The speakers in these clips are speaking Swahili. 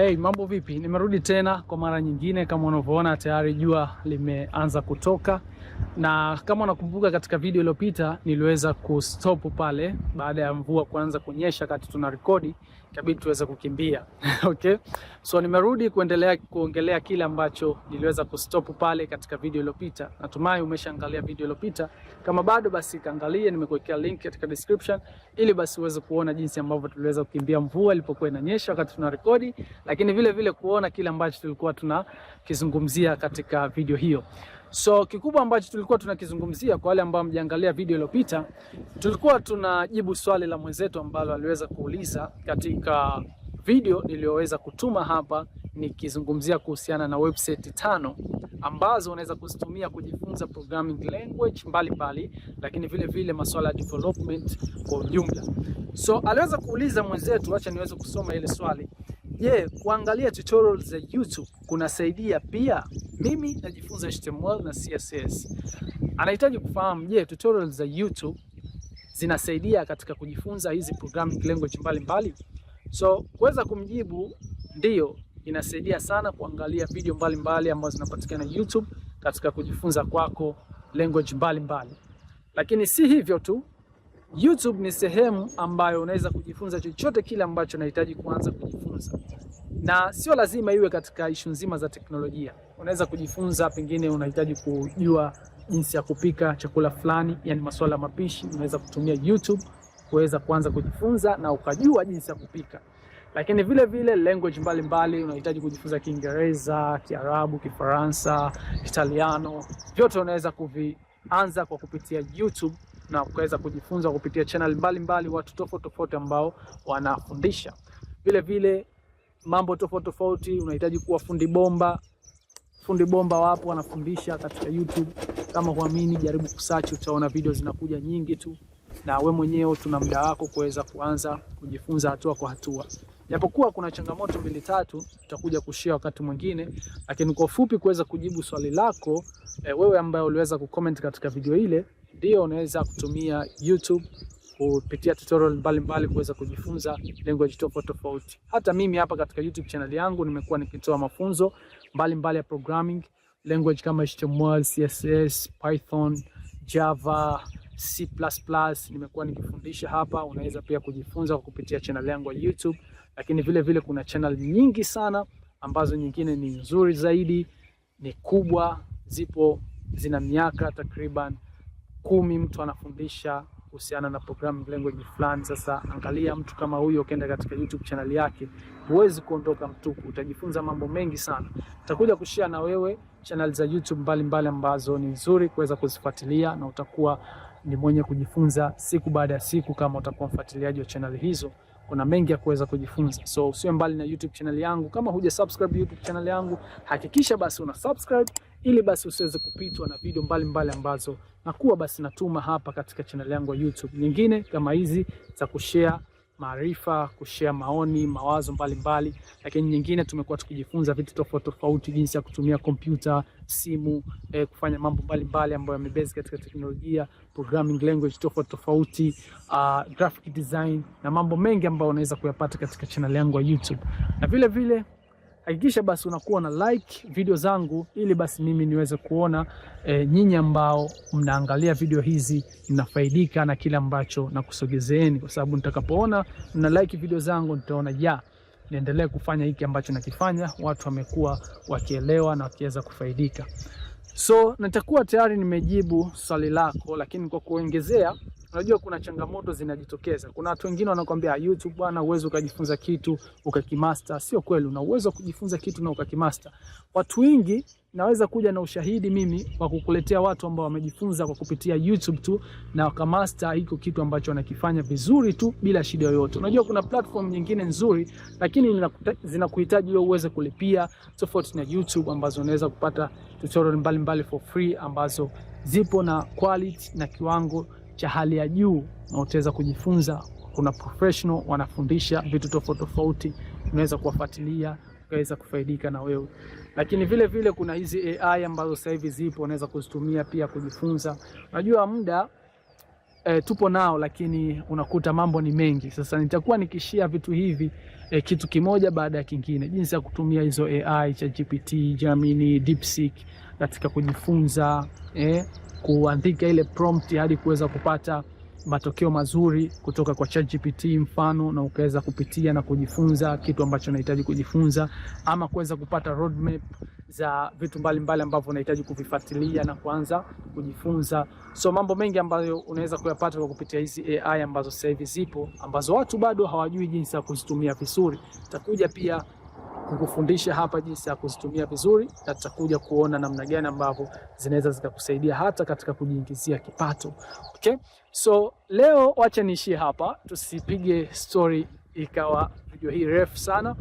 Hey, mambo vipi? Nimerudi tena kwa mara nyingine. Kama unavyoona tayari jua limeanza kutoka, na kama unakumbuka katika video iliyopita niliweza kustop pale baada ya mvua kuanza kunyesha, kati tuna rekodi ikabidi tuweze kukimbia okay? So nimerudi kuendelea kuongelea kile ambacho niliweza kustop pale katika video iliyopita. Natumai umeshaangalia video iliyopita, kama bado basi kaangalie, nimekuwekea link katika description ili basi uweze kuona jinsi ambavyo tuliweza kukimbia mvua ilipokuwa inanyesha wakati tuna rekodi lakini vile vile kuona kile ambacho tulikuwa tunakizungumzia katika video hiyo. So kikubwa ambacho tulikuwa tunakizungumzia kwa wale ambao mjaangalia video iliyopita, tulikuwa tunajibu swali la mwenzetu ambalo aliweza kuuliza katika video niliyoweza kutuma hapa nikizungumzia kuhusiana na website tano ambazo unaweza kuzitumia kujifunza programming language mbalimbali, lakini vile vile masuala ya development kwa ujumla. So aliweza kuuliza mwenzetu, acha niweze kusoma ile swali. Je, yeah, kuangalia tutorials za YouTube kunasaidia pia? Mimi najifunza HTML na CSS. Anahitaji kufahamu je, yeah, tutorials za YouTube zinasaidia katika kujifunza hizi programming language mbalimbali mbali? So kuweza kumjibu ndiyo, inasaidia sana kuangalia video mbalimbali ambazo zinapatikana YouTube katika kujifunza kwako language mbalimbali mbali. Lakini si hivyo tu, YouTube ni sehemu ambayo unaweza kujifunza chochote kile ambacho unahitaji kuanza kujifunza na sio lazima iwe katika ishu nzima za teknolojia. Unaweza kujifunza, pengine unahitaji kujua jinsi ya kupika chakula fulani, yani masuala ya mapishi, unaweza kutumia YouTube kuweza kuanza kujifunza na ukajua jinsi ya kupika. Lakini vile vile language mbalimbali, unahitaji kujifunza Kiingereza, Kiarabu, Kifaransa, Italiano, vyote unaweza kuvianza kwa kupitia YouTube na ukaweza kujifunza kupitia channel mbalimbali mbali, watu tofauti tofauti ambao wanafundisha vile vile mambo tofauti tofauti, unahitaji kuwa fundi bomba. Fundi bomba wapo wanafundisha katika YouTube. Kama huamini, jaribu kusearch, utaona video zinakuja nyingi tu, na we mwenyewe tuna muda wako kuweza kuanza kujifunza hatua kwa hatua, japokuwa kuna changamoto mbili tatu tutakuja kushia wakati mwingine, lakini kwa ufupi kuweza kujibu swali lako e, wewe ambaye uliweza kucomment katika video ile, ndio unaweza kutumia YouTube kupitia tutorial mbalimbali kuweza kujifunza language tofauti tofauti. Hata mimi hapa katika YouTube channel yangu nimekuwa nikitoa mafunzo mbalimbali mbali ya programming language kama HTML, CSS, Python, Java, C++. Nimekuwa nikifundisha hapa, unaweza pia kujifunza kwa kupitia channel yangu ya YouTube, lakini vile vile kuna channel nyingi sana ambazo nyingine ni nzuri zaidi, ni kubwa, zipo zina miaka takriban kumi, mtu anafundisha kuhusiana na programming language fulani. Sasa angalia mtu kama huyo, ukienda katika YouTube channel yake huwezi kuondoka mtuku utajifunza mambo mengi sana. Utakuja kushare na wewe channel za YouTube mbalimbali ambazo ni nzuri kuweza kuzifuatilia na utakuwa ni mwenye kujifunza siku baada ya siku, kama utakuwa mfuatiliaji wa channel hizo kuna mengi ya kuweza kujifunza, so usiwe mbali na YouTube channel yangu. Kama huja subscribe YouTube channel yangu, hakikisha basi una subscribe ili basi usiweze kupitwa na video mbalimbali ambazo nakuwa basi natuma hapa katika channel yangu ya YouTube. Nyingine kama hizi za kushare maarifa, kushare maoni, mawazo mbalimbali mbali. Lakini nyingine tumekuwa tukijifunza vitu tofauti tofauti, jinsi ya kutumia kompyuta, simu, eh, kufanya mambo mbalimbali ambayo yamebase katika teknolojia, programming language tofauti tofauti, uh, graphic design na mambo mengi ambayo unaweza kuyapata katika channel yangu ya YouTube na vile vile hakikisha basi unakuwa na like video zangu, ili basi mimi niweze kuona e, nyinyi ambao mnaangalia video hizi mnafaidika na kile ambacho nakusogezeeni, kwa sababu nitakapoona mna like video zangu nitaona ya niendelee kufanya hiki ambacho nakifanya, watu wamekuwa wakielewa na wakiweza kufaidika. So nitakuwa tayari nimejibu swali lako, lakini kwa kuongezea Unajua kuna changamoto zinajitokeza. Kuna watu wengine wanakuambia YouTube bwana, uwezo ukajifunza kitu ukakimaster. Sio kweli, una uwezo wa kujifunza kitu na ukakimaster. Watu wengi naweza kuja na ushahidi mimi wa kukuletea watu ambao wamejifunza kwa kupitia YouTube tu na wakamaster hiko kitu ambacho wanakifanya vizuri tu bila shida yoyote. Unajua kuna platform nyingine nzuri, lakini zinakuhitaji wewe uweze kulipia, tofauti na YouTube ambazo unaweza kupata tutorial mbalimbali mbali for free ambazo zipo na quality na kiwango cha hali ya juu na utaweza kujifunza. Kuna professional wanafundisha vitu tofauti tofauti, unaweza kuwafuatilia ukaweza kufaidika na wewe. Lakini vile vile kuna hizi AI ambazo sasa hivi zipo, unaweza kuzitumia pia kujifunza. Unajua muda E, tupo nao lakini unakuta mambo ni mengi. Sasa nitakuwa nikishia vitu hivi e, kitu kimoja baada ya kingine, jinsi ya kutumia hizo AI, GPT, Gemini, DeepSeek katika kujifunza eh, kuandika ile prompt hadi kuweza kupata matokeo mazuri kutoka kwa ChatGPT mfano, na ukaweza kupitia na kujifunza kitu ambacho unahitaji kujifunza, ama kuweza kupata roadmap za vitu mbalimbali ambavyo unahitaji kuvifuatilia na kuanza kujifunza. So mambo mengi ambayo unaweza kuyapata kwa kupitia hizi AI ambazo sasa hivi zipo, ambazo watu bado hawajui jinsi ya kuzitumia vizuri. Takuja pia kukufundisha hapa jinsi ya kuzitumia vizuri, na tutakuja kuona namna gani ambavyo zinaweza zikakusaidia hata katika kujiingizia kipato. Okay? So leo wacha niishie hapa, tusipige story ikawa video hii refu sana.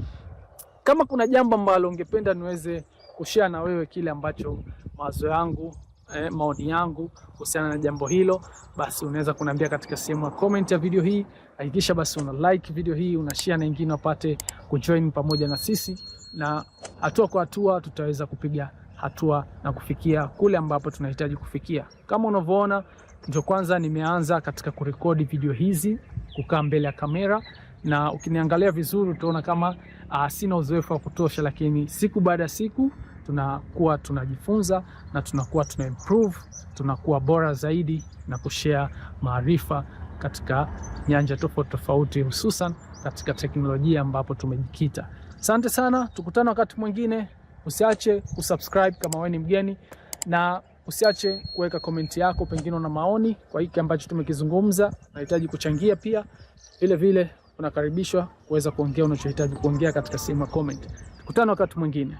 Kama kuna jambo ambalo ungependa niweze kushare na wewe, kile ambacho mawazo yangu eh, maoni yangu kuhusiana na jambo hilo, basi unaweza kuniambia katika sehemu ya comment ya video hii. Hakikisha basi una like video hii, una share na wengine wapate kujoin pamoja na sisi, na hatua kwa hatua tutaweza kupiga hatua na kufikia kule ambapo tunahitaji kufikia. Kama unavyoona, ndio kwanza nimeanza katika kurekodi video hizi, kukaa mbele ya kamera, na ukiniangalia vizuri utaona kama uh, sina uzoefu wa kutosha, lakini siku baada ya siku tunakuwa tunajifunza na tunakuwa tuna improve, tunakuwa bora zaidi na kushare maarifa katika nyanja tofauti tofauti, hususan katika teknolojia ambapo tumejikita. Asante sana, tukutane wakati mwingine. Usiache kusubscribe kama wewe ni mgeni, na usiache kuweka komenti yako, pengine una maoni kwa hiki ambacho tumekizungumza, unahitaji kuchangia pia vile vile unakaribishwa kuweza kuongea unachohitaji kuongea katika sehemu ya comment. Tukutane wakati mwingine.